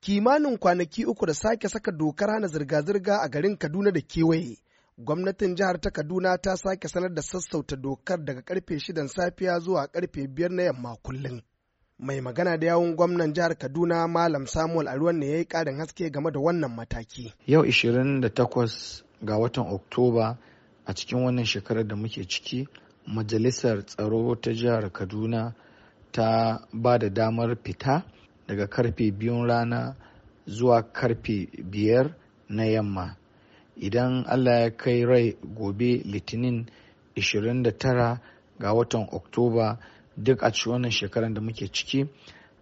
kimanin kwanaki uku da sake saka dokar hana zirga-zirga a garin Kaduna da kewaye. Gwamnatin jihar ta Kaduna ta sake sanar da sassauta dokar daga karfe shidan safiya zuwa karfe biyar na yamma kullum. Mai magana da yawun gwamnan jihar Kaduna Malam Samuel Aruwan ne ya yi ƙarin haske game da wannan mataki. Yau 28 ga watan Oktoba a cikin wannan shekarar da muke ciki, Majalisar Tsaro ta jihar Kaduna ta ba da damar fita daga karfe biyun rana zuwa karfe biyar na yamma idan allah ya kai rai gobe litinin 29 ga watan oktoba duk a ci wannan shekarar da muke ciki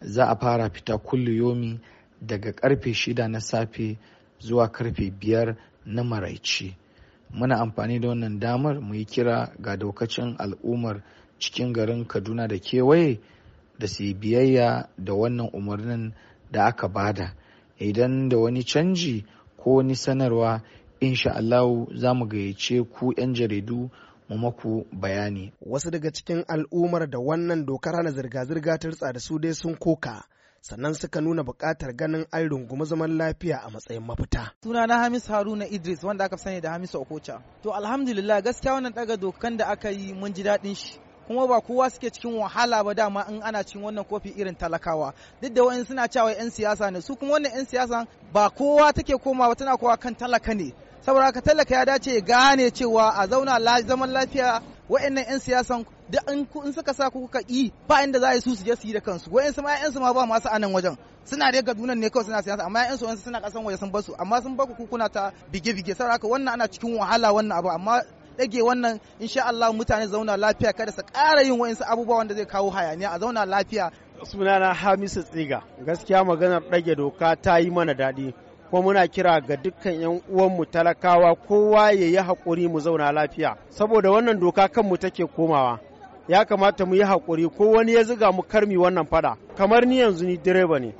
za a fara fita yomi daga karfe shida na safe zuwa karfe biyar na maraici muna amfani da wannan damar mu yi kira ga daukacin al'ummar cikin garin kaduna da kewaye da su biyayya da wannan umarnin da aka bada idan da wani canji ko wani sanarwa insha Allah za mu gayyace ku 'yan jaridu mu maku bayani. Wasu daga cikin al'ummar da wannan dokar hana zirga-zirga ta ritsa da su dai sun koka. sannan suka nuna buƙatar ganin an rungumi zaman lafiya a matsayin mafita. Suna na Hamis Haruna Idris wanda aka sani da Hamisu Okocha. To alhamdulillah gaskiya wannan daga dokan da aka yi mun ji daɗin shi. kuma ba kowa suke cikin wahala ba dama in ana cin wannan kofi irin talakawa duk da wa'in suna cewa yan siyasa ne su kuma wannan yan siyasa ba kowa take komawa tana kowa kan talaka ne saboda ka talaka ya dace gane cewa a zauna zaman lafiya wa'annan 'yan siyasan da in suka sa ku kuka yi ba inda za a yi su su je su yi da kansu su ma 'yan su ma ba masu anan wajen suna da Kaduna ne kawai suna siyasa amma 'yan su suna kasan waje sun basu amma sun baku kuna ta bige bige saboda wannan ana cikin wahala wannan abu amma ɗage wannan insha Allah mutane zauna lafiya kada su ƙara yin wa'insu abubuwa wanda zai kawo hayaniya a zauna lafiya sunana Hamisu Tsiga gaskiya maganar ɗage doka ta yi mana daɗi kuma muna kira ga dukkan 'yan uwanmu talakawa kowa ya yi haƙuri mu zauna lafiya saboda wannan doka kanmu take komawa ya kamata mu yi haƙuri ko wani ya ziga mu karmi wannan fada kamar ni yanzu ni direba ne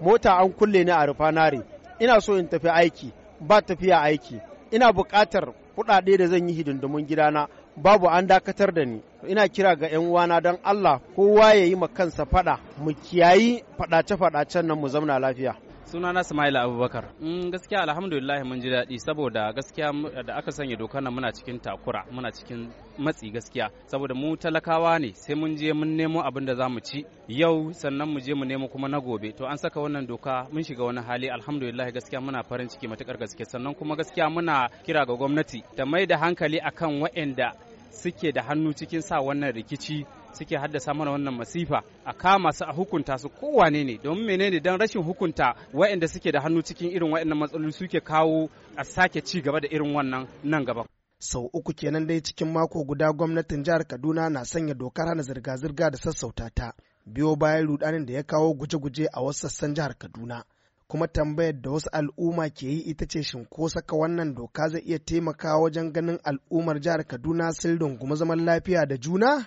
mota an kulle ni a rufanare ina so in tafi aiki ba tafiya aiki ina buƙatar kuɗaɗe da zan yi hidindimin gidana babu an dakatar da ni ina kira ga 'yan uwana don Allah kowa ya yi ma kansa faɗa mu kiyayi faɗace-faɗacen nan mu zauna lafiya Suna na Samaila Abubakar. Mm, gaskiya alhamdulillah mun ji daɗi saboda gaskiya da aka sanya dokar nan muna cikin takura muna cikin matsi gaskiya saboda mu talakawa ne sai mun je mun nemo abin da zamu ci yau sannan mu je mu nemo kuma na gobe to an saka wannan doka mun shiga wani hali alhamdulillah gaskiya muna farin ciki matukar gaske sannan kuma gaskiya muna kira ga gwamnati ta mai da hankali akan waɗanda suke da hannu cikin sa wannan rikici suke haddasa mana wannan masifa a kama su a hukunta su kowane ne domin menene don rashin hukunta waɗanda suke da hannu cikin irin waɗannan matsaloli suke kawo a sake ci gaba da irin wannan nan gaba sau uku kenan dai cikin mako guda gwamnatin jihar kaduna na sanya dokar hana zirga-zirga da sassauta ta biyo bayan rudanin da ya kawo guje-guje a wasu sassan jihar kaduna kuma tambayar da wasu al'umma ke yi ita ce shin ko saka wannan doka zai iya taimakawa wajen ganin al'ummar jihar kaduna sun rungumi zaman lafiya da juna